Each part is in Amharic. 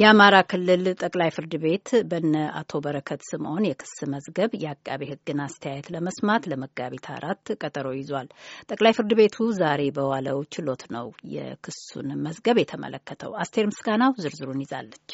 የአማራ ክልል ጠቅላይ ፍርድ ቤት በነ አቶ በረከት ስምዖን የክስ መዝገብ የአቃቤ ሕግን አስተያየት ለመስማት ለመጋቢት አራት ቀጠሮ ይዟል። ጠቅላይ ፍርድ ቤቱ ዛሬ በዋለው ችሎት ነው የክሱን መዝገብ የተመለከተው። አስቴር ምስጋናው ዝርዝሩን ይዛለች።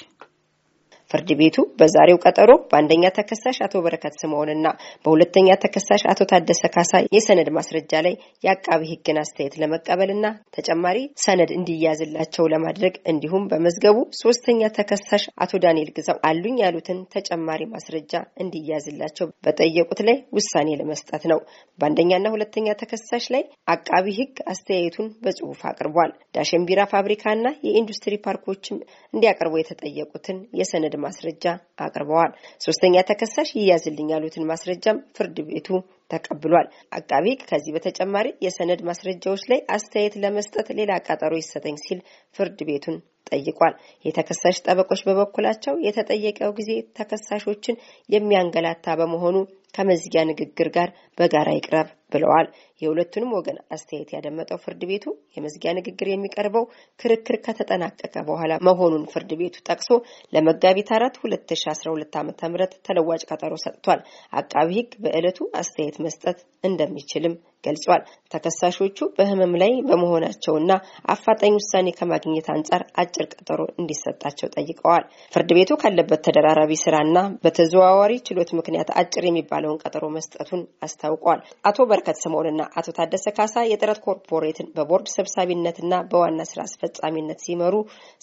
ፍርድ ቤቱ በዛሬው ቀጠሮ በአንደኛ ተከሳሽ አቶ በረከት ስምኦንና በሁለተኛ ተከሳሽ አቶ ታደሰ ካሳ የሰነድ ማስረጃ ላይ የአቃቢ ሕግን አስተያየት ለመቀበልና ተጨማሪ ሰነድ እንዲያዝላቸው ለማድረግ እንዲሁም በመዝገቡ ሶስተኛ ተከሳሽ አቶ ዳንኤል ግዛው አሉኝ ያሉትን ተጨማሪ ማስረጃ እንዲያዝላቸው በጠየቁት ላይ ውሳኔ ለመስጠት ነው። በአንደኛና ሁለተኛ ተከሳሽ ላይ አቃቢ ሕግ አስተያየቱን በጽሁፍ አቅርቧል። ዳሽን ቢራ ፋብሪካና የኢንዱስትሪ ፓርኮችም እንዲያቀርቡ የተጠየቁትን የሰነድ ማስረጃ አቅርበዋል። ሶስተኛ ተከሳሽ ይያዝልኝ ያሉትን ማስረጃም ፍርድ ቤቱ ተቀብሏል። አቃቢ ከዚህ በተጨማሪ የሰነድ ማስረጃዎች ላይ አስተያየት ለመስጠት ሌላ ቀጠሮ ይሰጠኝ ሲል ፍርድ ቤቱን ጠይቋል። የተከሳሽ ጠበቆች በበኩላቸው የተጠየቀው ጊዜ ተከሳሾችን የሚያንገላታ በመሆኑ ከመዝጊያ ንግግር ጋር በጋራ ይቅረብ ብለዋል። የሁለቱንም ወገን አስተያየት ያደመጠው ፍርድ ቤቱ የመዝጊያ ንግግር የሚቀርበው ክርክር ከተጠናቀቀ በኋላ መሆኑን ፍርድ ቤቱ ጠቅሶ ለመጋቢት አራት ሁለት ሺ አስራ ሁለት ዓመተ ምህረት ተለዋጭ ቀጠሮ ሰጥቷል። አቃቢ ሕግ በዕለቱ አስተያየት መስጠት እንደሚችልም ገልጿል። ተከሳሾቹ በህመም ላይ በመሆናቸውና አፋጣኝ ውሳኔ ከማግኘት አንጻር አጭር ቀጠሮ እንዲሰጣቸው ጠይቀዋል። ፍርድ ቤቱ ካለበት ተደራራቢ ስራና በተዘዋዋሪ ችሎት ምክንያት አጭር የሚባለውን ቀጠሮ መስጠቱን አስታውቋል። አቶ በር በረከት ስምኦንና አቶ ታደሰ ካሳ የጥረት ኮርፖሬትን በቦርድ ሰብሳቢነትና በዋና ስራ አስፈጻሚነት ሲመሩ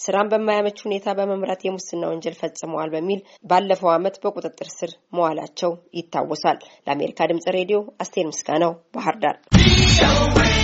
ስራን በማያመች ሁኔታ በመምራት የሙስና ወንጀል ፈጽመዋል በሚል ባለፈው ዓመት በቁጥጥር ስር መዋላቸው ይታወሳል። ለአሜሪካ ድምጽ ሬዲዮ አስቴር ምስጋናው ባህር ዳር